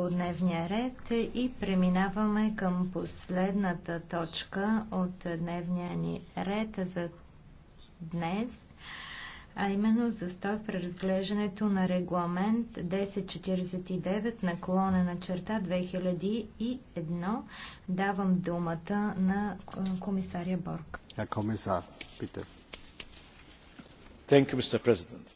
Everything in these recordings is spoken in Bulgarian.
по дневния ред и преминаваме към последната точка от дневния ни ред за днес, а именно за в преразглеждането на регламент 1049 наклона на черта 2001. Давам думата на комисаря Борг. Комисар, питам. Thank you, Mr. President.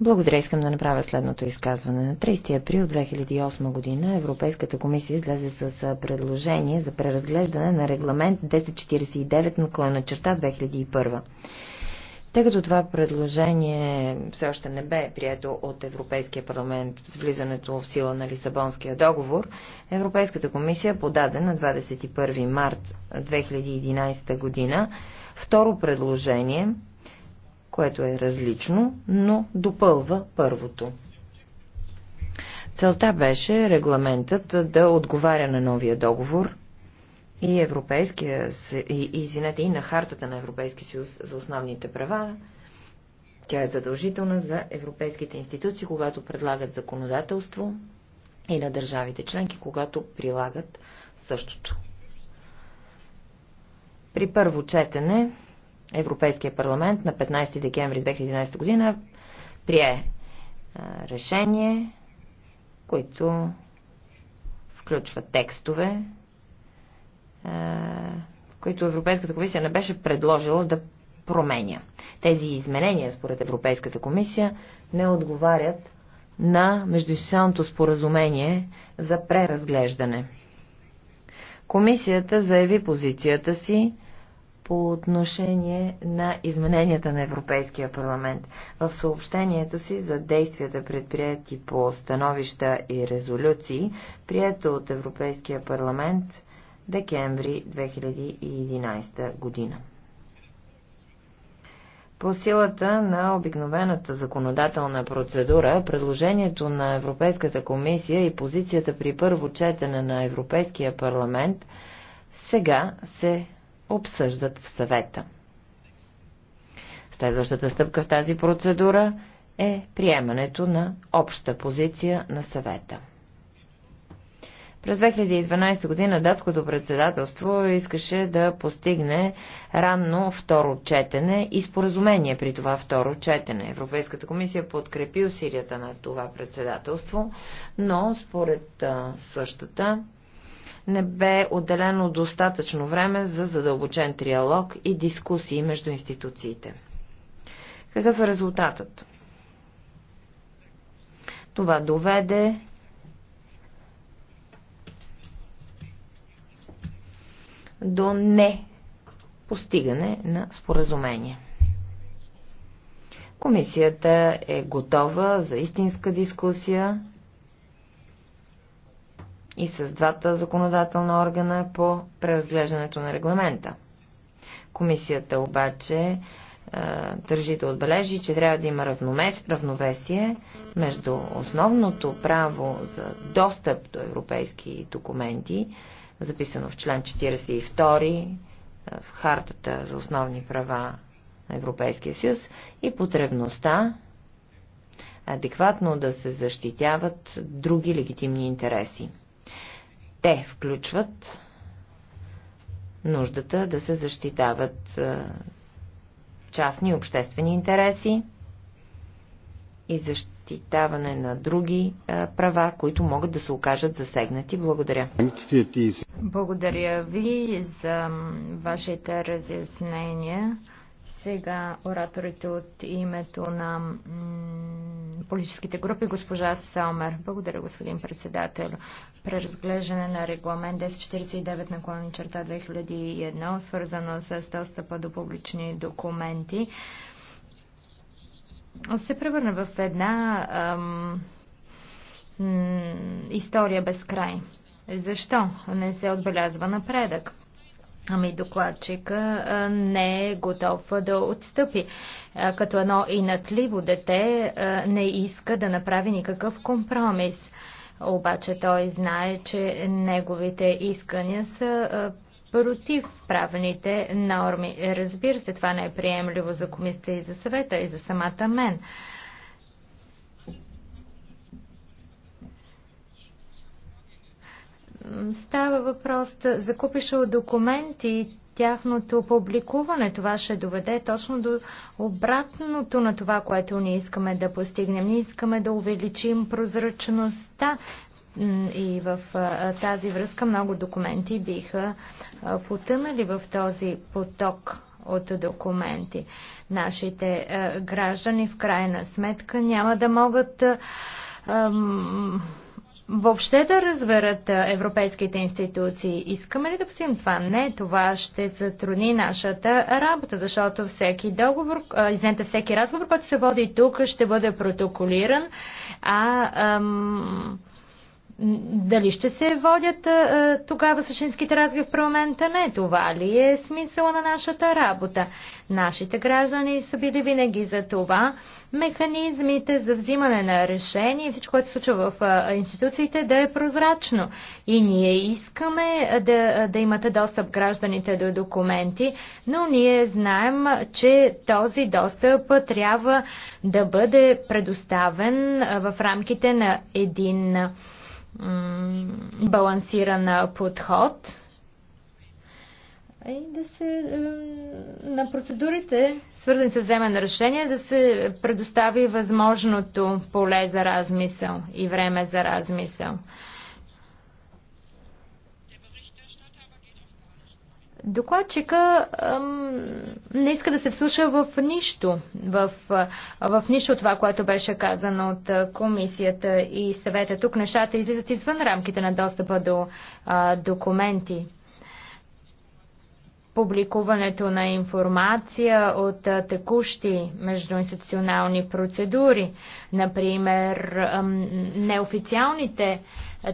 Благодаря, искам да направя следното изказване. На 30 април 2008 година Европейската комисия излезе с предложение за преразглеждане на регламент 1049 на клона черта 2001. Тъй като това предложение все още не бе прието от Европейския парламент с влизането в сила на Лисабонския договор, Европейската комисия подаде на 21 март 2011 година второ предложение – което е различно, но допълва първото. Целта беше регламентът да отговаря на новия договор и, европейския, и, извинете, и на хартата на Европейския съюз за основните права. Тя е задължителна за европейските институции, когато предлагат законодателство и на държавите членки, когато прилагат същото. При първо четене Европейския парламент на 15 декември 2011 година прие решение, които включва текстове, които Европейската комисия не беше предложила да променя. Тези изменения, според Европейската комисия, не отговарят на междуинституционалното споразумение за преразглеждане. Комисията заяви позицията си по отношение на измененията на Европейския парламент. В съобщението си за действията предприяти по становища и резолюции, прието от Европейския парламент декември 2011 година. По силата на обикновената законодателна процедура, предложението на Европейската комисия и позицията при първо четене на Европейския парламент сега се обсъждат в съвета. Следващата стъпка в тази процедура е приемането на обща позиция на съвета. През 2012 година датското председателство искаше да постигне ранно второ четене и споразумение при това второ четене. Европейската комисия подкрепи усилията на това председателство, но според същата не бе отделено достатъчно време за задълбочен триалог и дискусии между институциите. Какъв е резултатът? Това доведе до не постигане на споразумение. Комисията е готова за истинска дискусия и с двата законодателна органа по преразглеждането на регламента. Комисията обаче е, държи да отбележи, че трябва да има равновесие между основното право за достъп до европейски документи, записано в член 42 е, в Хартата за основни права на Европейския съюз и потребността адекватно да се защитяват други легитимни интереси. Те включват нуждата да се защитават частни и обществени интереси и защитаване на други права, които могат да се окажат засегнати. Благодаря. Благодаря ви за вашите разяснения. Сега ораторите от името на политическите групи. Госпожа Сомер, Благодаря, господин председател. Преразглеждане на регламент 1049 на клонни черта 2001, свързано с достъпа до публични документи, се превърна в една ам, история без край. Защо не се отбелязва напредък? Ами докладчика не е готов да отстъпи. Като едно инатливо дете не иска да направи никакъв компромис. Обаче той знае, че неговите искания са против правните норми. Разбира се, това не е приемливо за комисията и за съвета и за самата мен. Става въпрос за купиша от документи тяхното публикуване. Това ще доведе точно до обратното на това, което ние искаме да постигнем. Ние искаме да увеличим прозрачността и в тази връзка много документи биха потънали в този поток от документи. Нашите граждани в крайна сметка няма да могат въобще да разберат европейските институции. Искаме ли да посим това? Не, това ще затрудни нашата работа, защото всеки договор, извинете, всеки разговор, който се води тук, ще бъде протоколиран, а ам, дали ще се водят тогава същинските разви в парламента? Не, това ли е смисъла на нашата работа? Нашите граждани са били винаги за това. Механизмите за взимане на решение и всичко, което се случва в институциите, да е прозрачно. И ние искаме да, да имате достъп гражданите до документи, но ние знаем, че този достъп трябва да бъде предоставен в рамките на един балансиран подход и да се на процедурите, свързани с вземане на решение, да се предостави възможното поле за размисъл и време за размисъл. Докладчика ам, не иска да се вслуша в нищо, в, в нищо това, което беше казано от комисията и съвета. Тук нещата излизат извън рамките на достъпа до а, документи. Публикуването на информация от а, текущи междуинституционални процедури, например ам, неофициалните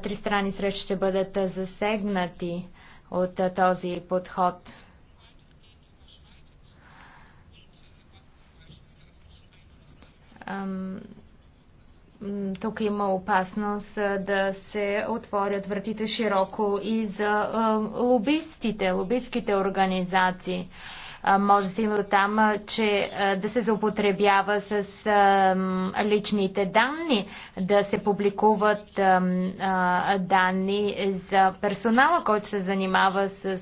тристрани срещи ще бъдат а, засегнати от този подход. Тук има опасност да се отворят вратите широко и за лобистите, лобистските организации може да до там, че да се заупотребява с личните данни, да се публикуват данни за персонала, който се занимава с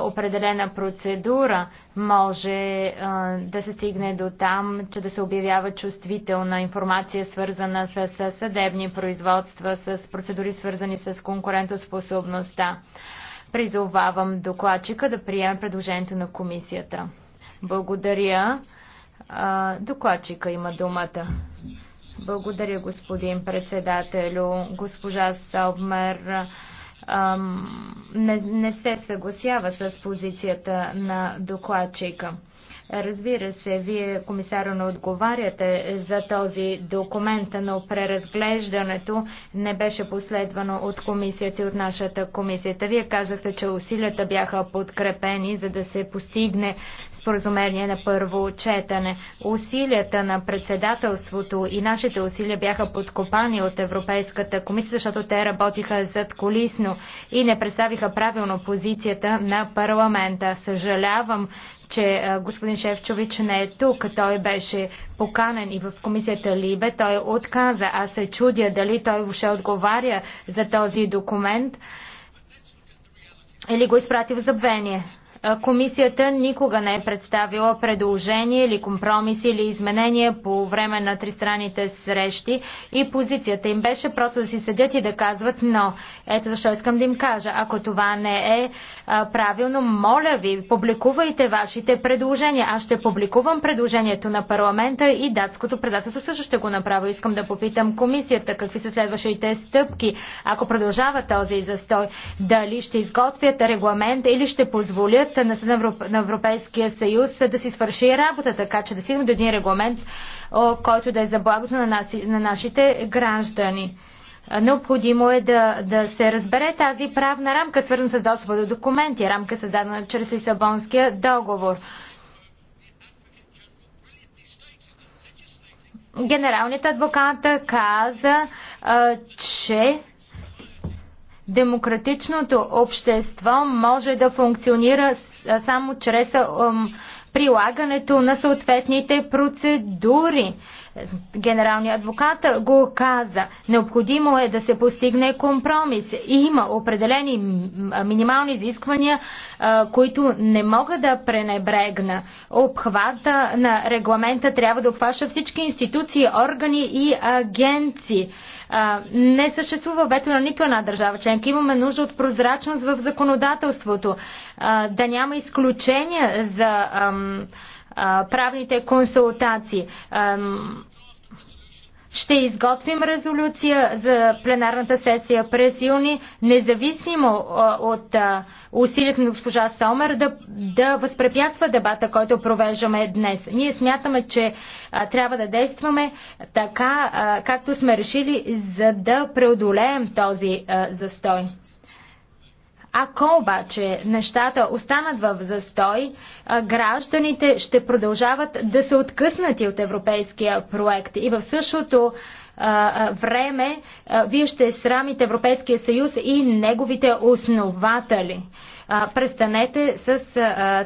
определена процедура може да се стигне до там, че да се обявява чувствителна информация, свързана с, с съдебни производства, с процедури, свързани с конкурентоспособността. Призовавам докладчика да приеме предложението на комисията. Благодаря. Докладчика има думата. Благодаря, господин председателю. Госпожа Салмер не, не се съгласява с позицията на докладчика. Разбира се, вие, комисара, не отговаряте за този документ, но преразглеждането не беше последвано от комисията и от нашата комисията. Вие казахте, че усилията бяха подкрепени, за да се постигне споразумение на първо четене. Усилията на председателството и нашите усилия бяха подкопани от Европейската комисия, защото те работиха зад колисно и не представиха правилно позицията на парламента. Съжалявам, че е, господин Шевчович не е тук. Той беше поканен и в комисията Либе. Той отказа. Аз се чудя дали той въобще отговаря за този документ или го изпрати в забвение. Комисията никога не е представила предложение или компромис или изменение по време на тристранните срещи и позицията им беше просто да си седят и да казват но. Ето защо искам да им кажа, ако това не е правилно, моля ви, публикувайте вашите предложения. Аз ще публикувам предложението на парламента и датското предателство също ще го направя. Искам да попитам комисията какви са следващите стъпки, ако продължава този застой. Дали ще изготвят регламент или ще позволят Комисията на Съда на Европейския съюз да си свърши работа, така че да стигнем до един регламент, който да е за благото на, нас, на нашите граждани. Необходимо е да, да се разбере тази правна рамка, свързана с достъпа до документи, рамка създадена чрез Лисабонския договор. Генералният адвокат каза, че Демократичното общество може да функционира само чрез прилагането на съответните процедури. Генералният адвокат го каза. Необходимо е да се постигне компромис. има определени минимални изисквания, които не мога да пренебрегна. Обхвата на регламента трябва да обхваща всички институции, органи и агенции не съществува вето на нито една държава членка. Имаме нужда от прозрачност в законодателството, да няма изключения за правните консултации. Ще изготвим резолюция за пленарната сесия през юни, независимо от усилията на госпожа Сомер да, да възпрепятства дебата, който провеждаме днес. Ние смятаме, че трябва да действаме така, както сме решили, за да преодолеем този застой. Ако обаче нещата останат в застой, гражданите ще продължават да са откъснати от европейския проект и в същото време вие ще срамите Европейския съюз и неговите основатели. Престанете с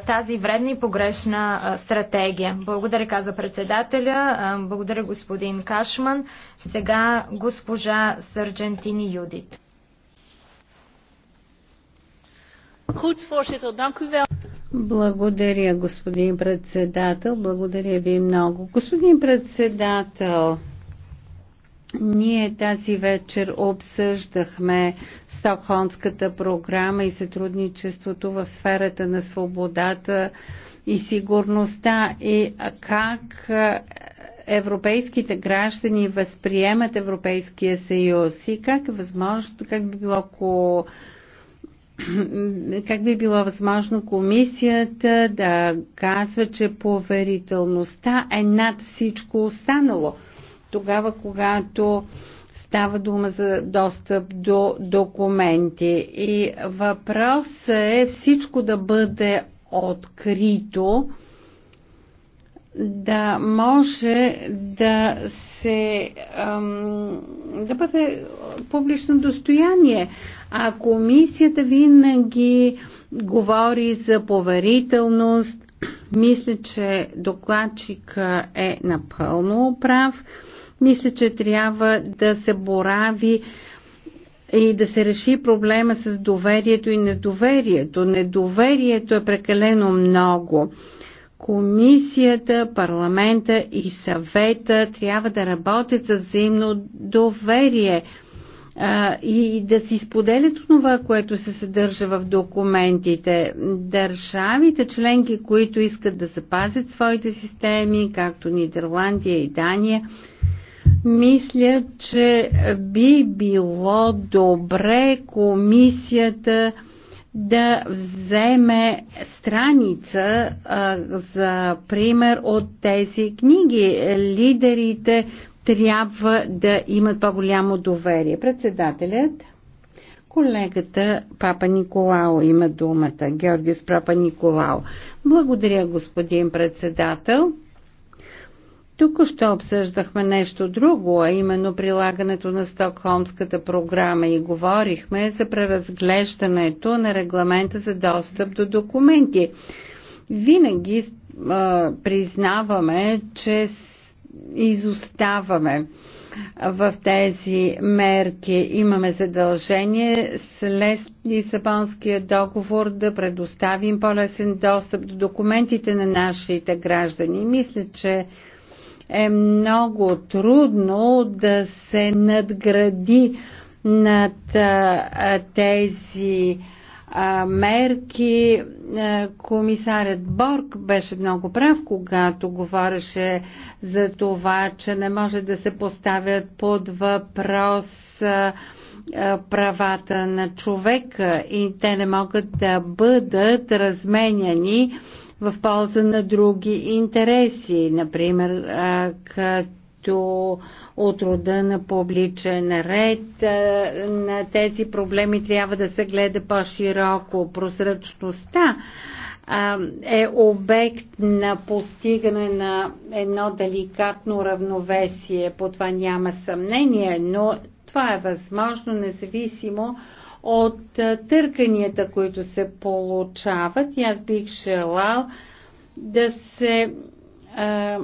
тази вредна и погрешна стратегия. Благодаря, каза председателя. Благодаря, господин Кашман. Сега госпожа Сърджентини Юдит. Благодаря, господин председател. Благодаря ви много. Господин председател, ние тази вечер обсъждахме Стокхолмската програма и сътрудничеството в сферата на свободата и сигурността и как е, европейските граждани възприемат Европейския съюз и как е възможно, как би било, ако как би било възможно комисията да казва, че поверителността е над всичко останало? Тогава, когато става дума за достъп до документи. И въпросът е всичко да бъде открито, да може да се ам, да бъде публично достояние. А комисията винаги говори за поверителност. Мисля, че докладчик е напълно прав. Мисля, че трябва да се борави и да се реши проблема с доверието и недоверието. Недоверието е прекалено много. Комисията, парламента и съвета трябва да работят за взаимно доверие а, и да си споделят това, което се съдържа в документите. Държавите членки, които искат да запазят своите системи, както Нидерландия и Дания, мисля, че би било добре комисията да вземе страница а, за пример от тези книги. Лидерите трябва да имат по-голямо доверие. Председателят, колегата Папа Николао има думата. Георгиус Папа Николао. Благодаря, господин председател. Тук още обсъждахме нещо друго, а именно прилагането на Стокхолмската програма и говорихме за преразглеждането на регламента за достъп до документи. Винаги а, признаваме, че изоставаме в тези мерки. Имаме задължение след Лисабонския договор да предоставим по-лесен достъп до документите на нашите граждани. Мисля, че е много трудно да се надгради над тези мерки. Комисарят Борг беше много прав, когато говореше за това, че не може да се поставят под въпрос правата на човека и те не могат да бъдат разменяни в полза на други интереси, например като от рода на публичен ред. На тези проблеми трябва да се гледа по-широко. Прозрачността е обект на постигане на едно деликатно равновесие. По това няма съмнение, но това е възможно независимо от търканията, които се получават. И аз бих желал да се а,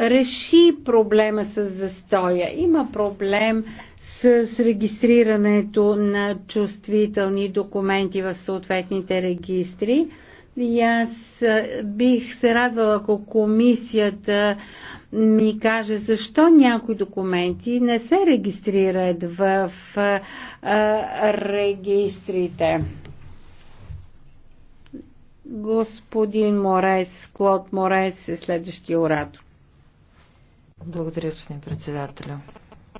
реши проблема с застоя. Има проблем с регистрирането на чувствителни документи в съответните регистри. И аз бих се радвала, ако комисията ми каже защо някои документи не се регистрират в а, регистрите. Господин Морес, Клод Морес е следващия оратор. Благодаря, господин председателю.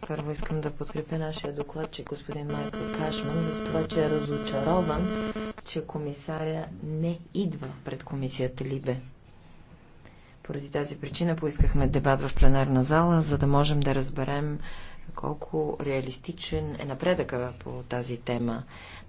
Първо искам да подкрепя нашия доклад, че господин Майкъл Кашман, за това, че е разочарован, че комисаря не идва пред комисията Либе. Поради тази причина поискахме дебат в пленарна зала, за да можем да разберем колко реалистичен е напредъка по тази тема.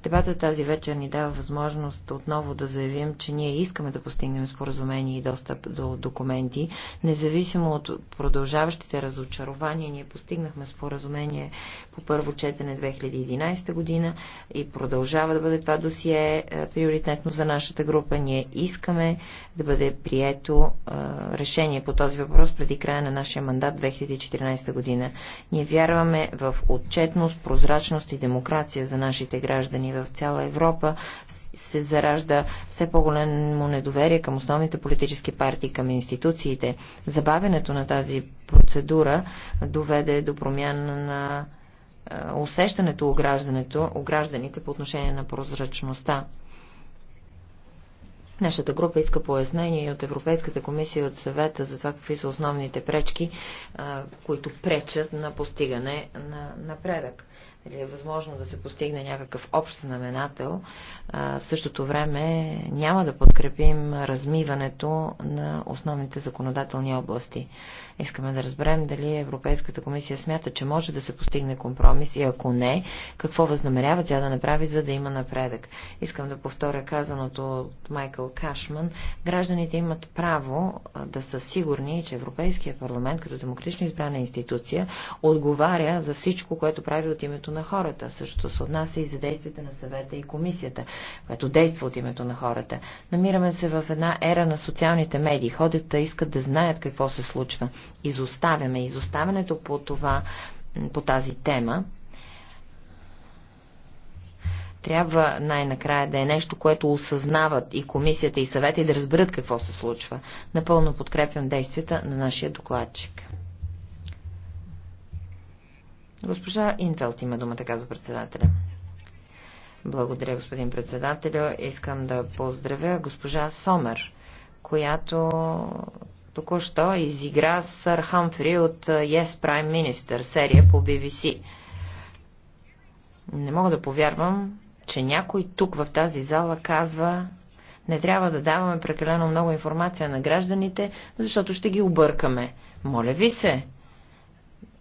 Дебата тази вечер ни дава възможност отново да заявим, че ние искаме да постигнем споразумение и достъп до документи. Независимо от продължаващите разочарования, ние постигнахме споразумение по първо четене 2011 година и продължава да бъде това досие е, приоритетно за нашата група. Ние искаме да бъде прието е, решение по този въпрос преди края на нашия мандат 2014 година. Ние вярваме, вярваме в отчетност, прозрачност и демокрация за нашите граждани в цяла Европа, се заражда все по големо недоверие към основните политически партии, към институциите. Забавянето на тази процедура доведе до промяна на усещането у, у гражданите по отношение на прозрачността. Нашата група иска пояснение от Европейската комисия и от съвета за това какви са основните пречки, които пречат на постигане на напредък или нали, е възможно да се постигне някакъв общ знаменател, в същото време няма да подкрепим размиването на основните законодателни области. Искаме да разберем дали Европейската комисия смята, че може да се постигне компромис и ако не, какво възнамерява тя да направи, за да има напредък. Искам да повторя казаното от Майкъл Кашман. Гражданите имат право да са сигурни, че Европейския парламент като демократично избрана институция отговаря за всичко, което прави от името на хората. Същото се отнася и за действията на съвета и комисията, което действа от името на хората. Намираме се в една ера на социалните медии. Ходят, искат да знаят какво се случва. Изоставяме. Изоставянето по това, по тази тема, трябва най-накрая да е нещо, което осъзнават и комисията, и съвета и да разберат какво се случва. Напълно подкрепям действията на нашия докладчик. Госпожа Инфелт има думата, казва председателя. Благодаря, господин председателя. Искам да поздравя госпожа Сомер, която току-що изигра Сър Хамфри от Yes Prime Minister, серия по BBC. Не мога да повярвам, че някой тук в тази зала казва не трябва да даваме прекалено много информация на гражданите, защото ще ги объркаме. Моля ви се,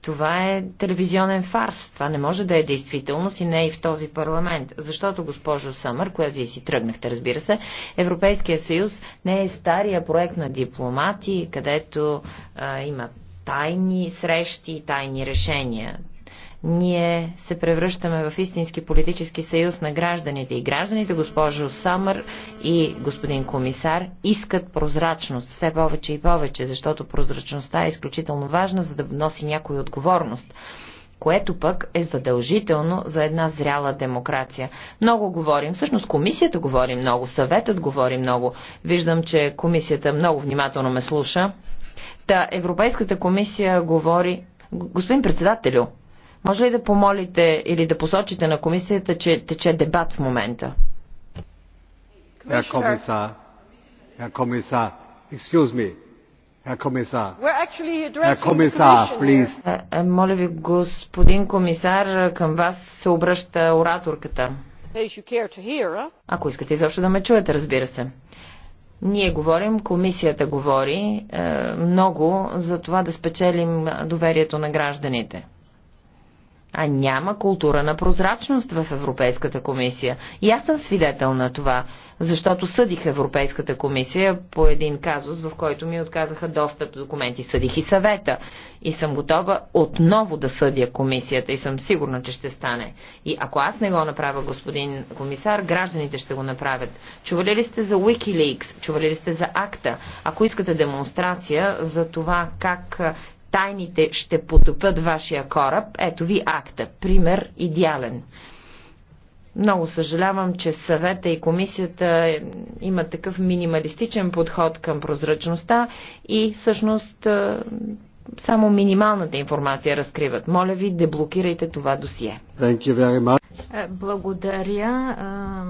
това е телевизионен фарс. Това не може да е действителност и не е и в този парламент. Защото, госпожо Съмър, която вие си тръгнахте, разбира се, Европейския съюз не е стария проект на дипломати, където а, има тайни срещи и тайни решения. Ние се превръщаме в истински политически съюз на гражданите. И гражданите, госпожо Самър и господин комисар, искат прозрачност все повече и повече, защото прозрачността е изключително важна, за да носи някой отговорност което пък е задължително за една зряла демокрация. Много говорим, всъщност комисията говори много, съветът говори много. Виждам, че комисията много внимателно ме слуша. Та Европейската комисия говори... Господин председателю, може ли да помолите или да посочите на комисията, че тече дебат в момента? excuse me, please. Е, е, моля ви, господин комисар, към вас се обръща ораторката. Ако искате изобщо да ме чуете, разбира се. Ние говорим, комисията говори е, много за това да спечелим доверието на гражданите. А няма култура на прозрачност в Европейската комисия. И аз съм свидетел на това, защото съдих Европейската комисия по един казус, в който ми отказаха достъп до документи. Съдих и съвета. И съм готова отново да съдя комисията и съм сигурна, че ще стане. И ако аз не го направя, господин комисар, гражданите ще го направят. Чували ли сте за Wikileaks? Чували ли сте за акта? Ако искате демонстрация за това как Тайните ще потопят вашия кораб. Ето ви акта. Пример идеален. Много съжалявам, че съвета и комисията имат такъв минималистичен подход към прозрачността и всъщност само минималната информация разкриват. Моля ви, деблокирайте това досие. Благодаря.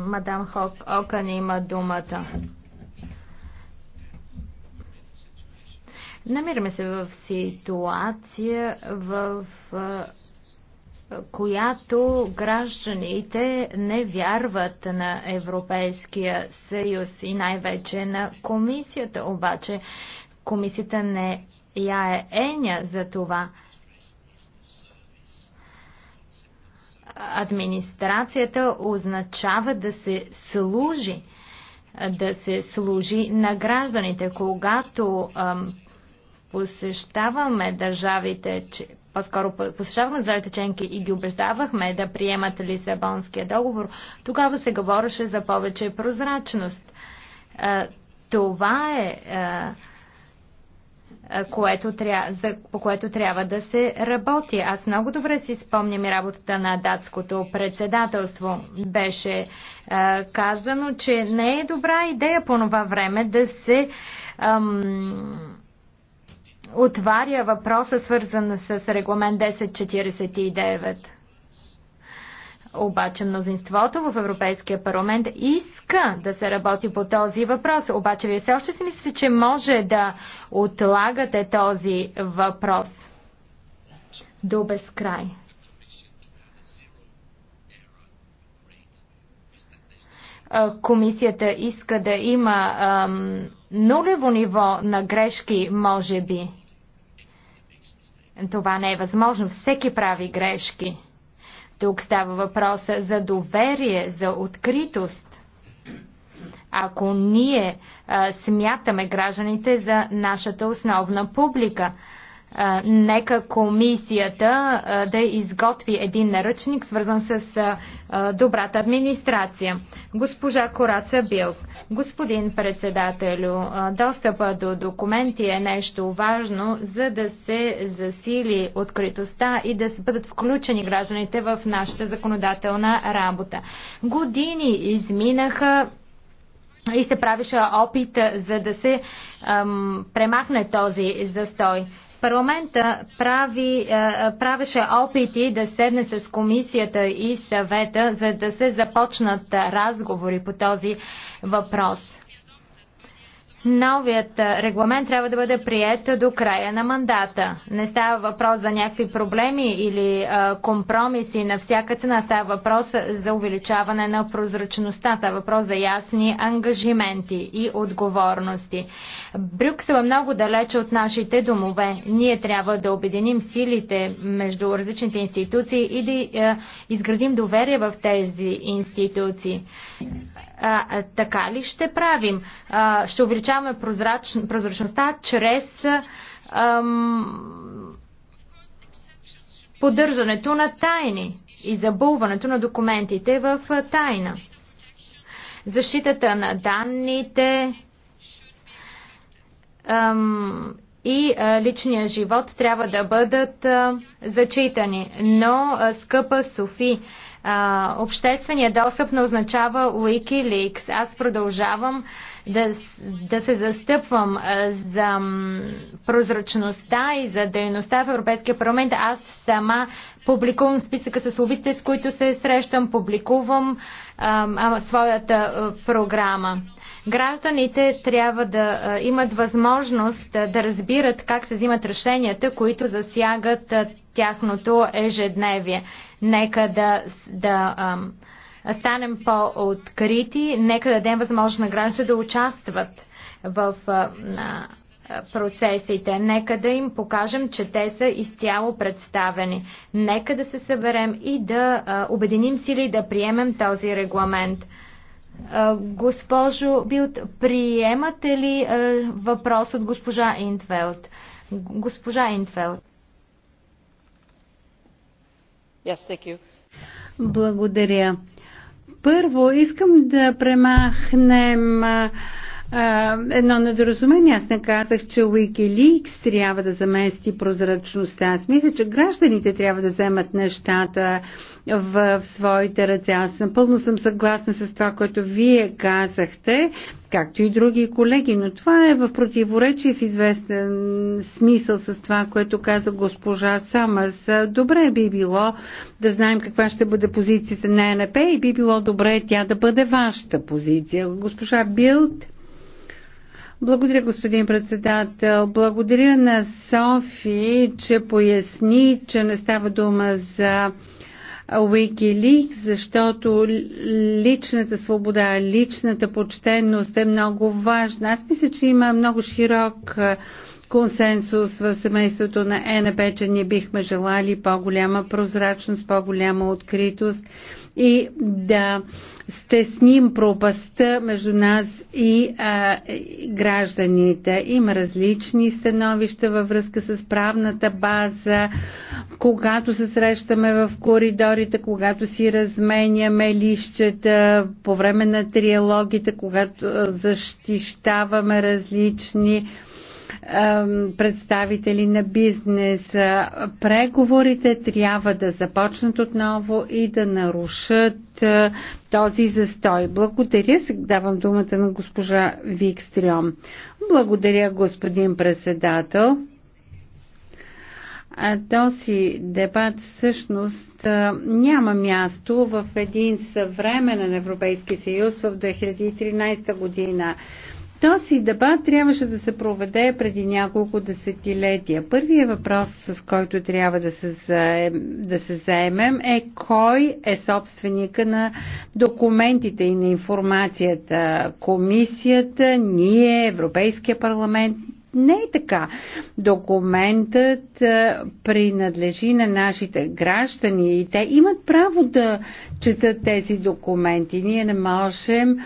Мадам Хок Окън има думата. Намираме се в ситуация, в която гражданите не вярват на Европейския съюз и най-вече на комисията. Обаче комисията не я е еня за това. Администрацията означава да се служи да се служи на гражданите. Когато ам, посещаваме държавите, по-скоро посещавахме здравите членки и ги убеждавахме да приемат Лисабонския договор, тогава се говореше за повече прозрачност. Това е което тря... по което трябва да се работи. Аз много добре си спомням и работата на датското председателство. Беше казано, че не е добра идея по това време да се ам, отваря въпроса, свързан с регламент 1049. Обаче мнозинството в Европейския парламент иска да се работи по този въпрос. Обаче вие все още си мислите, че може да отлагате този въпрос до безкрай. Комисията иска да има ам, нулево ниво на грешки, може би. Това не е възможно. Всеки прави грешки. Тук става въпроса за доверие, за откритост. Ако ние а, смятаме гражданите за нашата основна публика, нека комисията да изготви един наръчник, свързан с добрата администрация. Госпожа Кораца Билк, господин председателю, достъпа до документи е нещо важно, за да се засили откритостта и да се бъдат включени гражданите в нашата законодателна работа. Години изминаха и се правеше опит за да се ам, премахне този застой. Парламента прави, е, правеше опити да седне с комисията и съвета, за да се започнат разговори по този въпрос. Новият регламент трябва да бъде прият до края на мандата. Не става въпрос за някакви проблеми или а, компромиси на всяка цена. Става въпрос за увеличаване на прозрачността. Става въпрос за ясни ангажименти и отговорности. Брюксел е много далече от нашите домове. Ние трябва да обединим силите между различните институции и да изградим доверие в тези институции. А, така ли ще правим? А, ще увеличаваме прозрач... прозрачността чрез ам... поддържането на тайни и забулването на документите в тайна. Защитата на данните ам, и а, личния живот трябва да бъдат а, зачитани. Но, а, скъпа Софи, а, обществения достъп не означава Wikileaks. Аз продължавам да, да се застъпвам за прозрачността и за дейността в Европейския парламент. Аз сама публикувам списъка с лобистите, с които се срещам, публикувам а, а, своята а, програма. Гражданите трябва да а, имат възможност а, да разбират как се взимат решенията, които засягат а, тяхното ежедневие. Нека да, да ам, станем по-открити, нека да дадем възможност на гражданите да участват в а, процесите. Нека да им покажем, че те са изцяло представени. Нека да се съберем и да а, обединим сили и да приемем този регламент. А, госпожо Билт, приемате ли а, въпрос от госпожа Интфелд? Госпожа Интфелд. Yes, Благодаря. Първо, искам да премахнем а, едно недоразумение. Аз не казах, че Wikileaks трябва да замести прозрачността. Аз мисля, че гражданите трябва да вземат нещата в, в своите ръце. Аз напълно съм съгласна с това, което вие казахте, както и други колеги, но това е в противоречие в известен смисъл с това, което каза госпожа Самърс. Добре би било да знаем каква ще бъде позицията на НП и би било добре тя да бъде вашата позиция. Госпожа Билд. Благодаря, господин председател. Благодаря на Софи, че поясни, че не става дума за Wikileaks, защото личната свобода, личната почтенност е много важна. Аз мисля, че има много широк консенсус в семейството на ЕНП, че ние бихме желали по-голяма прозрачност, по-голяма откритост и да стесним пропаста между нас и а, гражданите. Има различни становища във връзка с правната база, когато се срещаме в коридорите, когато си разменяме лищета, по време на триалогите, когато защищаваме различни представители на бизнеса. Преговорите трябва да започнат отново и да нарушат този застой. Благодаря. Сега давам думата на госпожа Викстрион. Благодаря, господин председател. А този дебат всъщност няма място в един съвременен Европейски съюз в 2013 година. Този дебат трябваше да се проведе преди няколко десетилетия. Първият въпрос, с който трябва да се, заем, да се заемем е кой е собственика на документите и на информацията. Комисията, ние, Европейския парламент, не е така. Документът е, принадлежи на нашите граждани и те имат право да четат тези документи. Ние не можем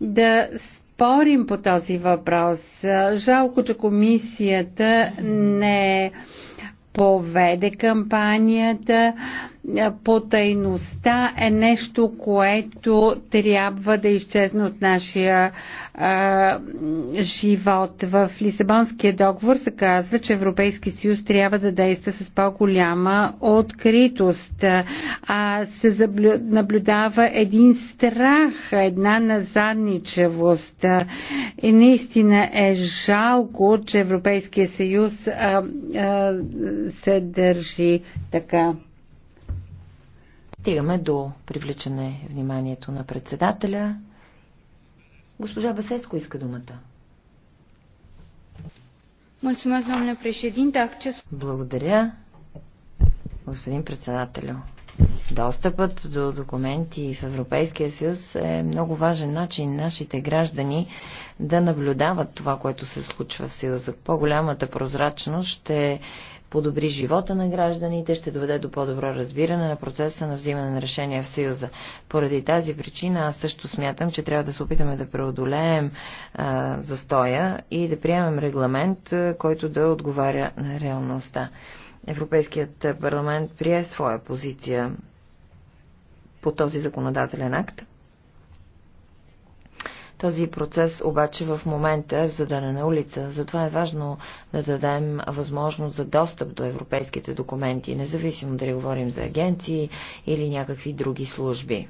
да спорим по този въпрос. Жалко, че комисията не е поведе кампанията. Е, Потайността е нещо, което трябва да изчезне от нашия а, е, живот. В Лисабонския договор се казва, че Европейски съюз трябва да действа с по-голяма откритост. А се заблю... наблюдава един страх, една назадничавост. И наистина е жалко, че Европейския съюз а, е, а, се държи така. Стигаме до привличане вниманието на председателя. Госпожа Басеско иска думата. Благодаря, господин председателю. Достъпът до документи в Европейския съюз е много важен начин нашите граждани да наблюдават това, което се случва в съюза. По-голямата прозрачност ще подобри живота на гражданите, ще доведе до по-добро разбиране на процеса на взимане на решения в Съюза. Поради тази причина аз също смятам, че трябва да се опитаме да преодолеем а, застоя и да приемем регламент, а, който да отговаря на реалността. Европейският парламент прие своя позиция по този законодателен акт. Този процес обаче в момента е в зададена улица. Затова е важно да дадем възможност за достъп до европейските документи, независимо дали говорим за агенции или някакви други служби.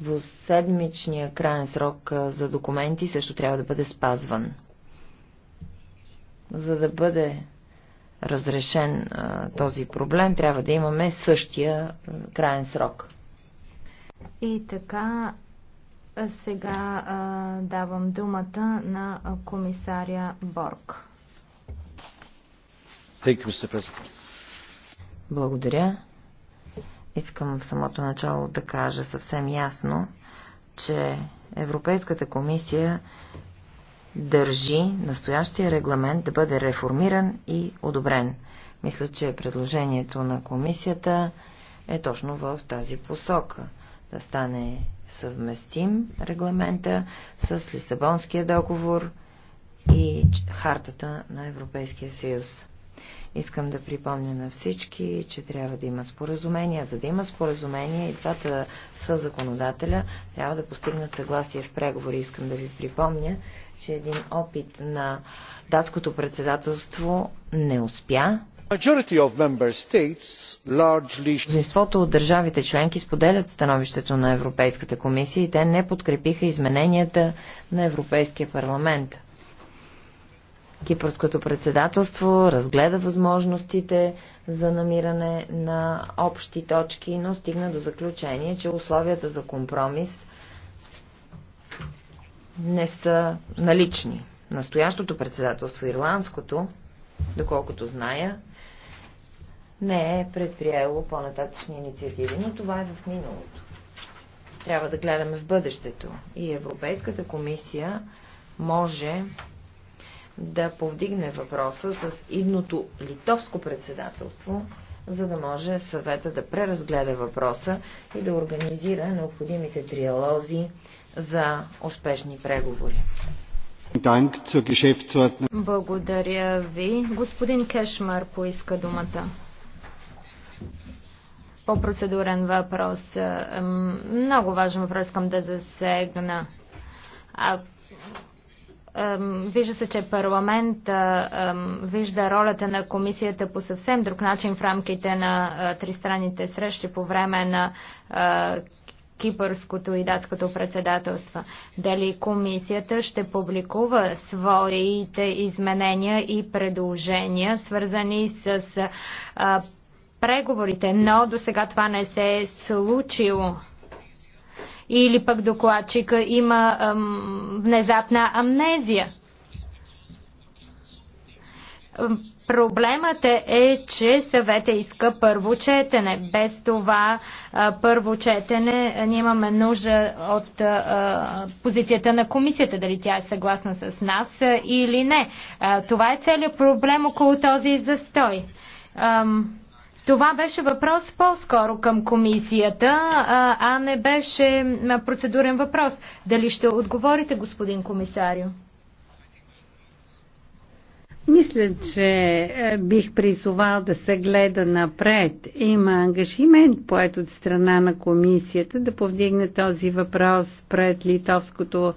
В седмичния крайен срок за документи също трябва да бъде спазван. За да бъде разрешен а, този проблем, трябва да имаме същия крайен срок. И така, сега а, давам думата на комисаря Борг. Благодаря. Искам в самото начало да кажа съвсем ясно, че Европейската комисия държи настоящия регламент да бъде реформиран и одобрен. Мисля, че предложението на комисията е точно в тази посока. Да стане съвместим регламента с Лисабонския договор и хартата на Европейския съюз. Искам да припомня на всички, че трябва да има споразумение. За да има споразумение и двата са законодателя трябва да постигнат съгласие в преговори. Искам да ви припомня, че един опит на датското председателство не успя. Мнозинството от държавите членки споделят становището на Европейската комисия и те не подкрепиха измененията на Европейския парламент. Кипърското председателство разгледа възможностите за намиране на общи точки, но стигна до заключение, че условията за компромис – не са налични. Настоящото председателство, ирландското, доколкото зная, не е предприело по-нататъчни инициативи, но това е в миналото. Трябва да гледаме в бъдещето. И Европейската комисия може да повдигне въпроса с идното литовско председателство, за да може съвета да преразгледа въпроса и да организира необходимите триалози за успешни преговори. Благодаря ви. Господин Кешмар поиска думата. По процедурен въпрос. Много важен въпрос към да засегна. А, вижда се, че парламент вижда ролята на комисията по съвсем друг начин в рамките на е, тристранните срещи по време на е, кипърското и датското председателство. Дали комисията ще публикува своите изменения и предложения, свързани с а, преговорите, но до сега това не се е случило. Или пък докладчика има ам, внезапна амнезия Проблемът е, че съвета иска първо четене. Без това първо четене ние имаме нужда от позицията на комисията, дали тя е съгласна с нас или не. Това е целият проблем около този застой. Това беше въпрос по-скоро към комисията, а не беше процедурен въпрос. Дали ще отговорите, господин комисарио? Мисля, че е, бих призовал да се гледа напред. Има ангажимент поет от страна на комисията да повдигне този въпрос пред литовското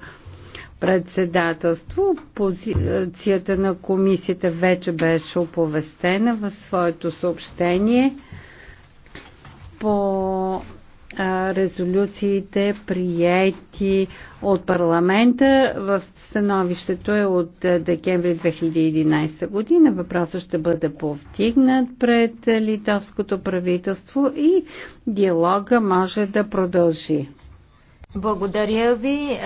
председателство. Позицията на комисията вече беше оповестена в своето съобщение по резолюциите приети от парламента. В становището е от декември 2011 година. Въпросът ще бъде повдигнат пред литовското правителство и диалога може да продължи. Благодаря ви.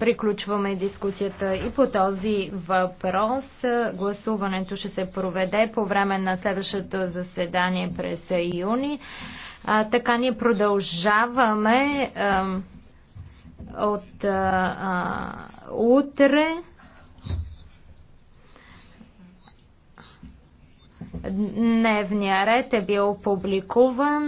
Приключваме дискусията и по този въпрос. Гласуването ще се проведе по време на следващото заседание през юни. А, така ние продължаваме а, от а, утре. Дневния ред е бил публикуван.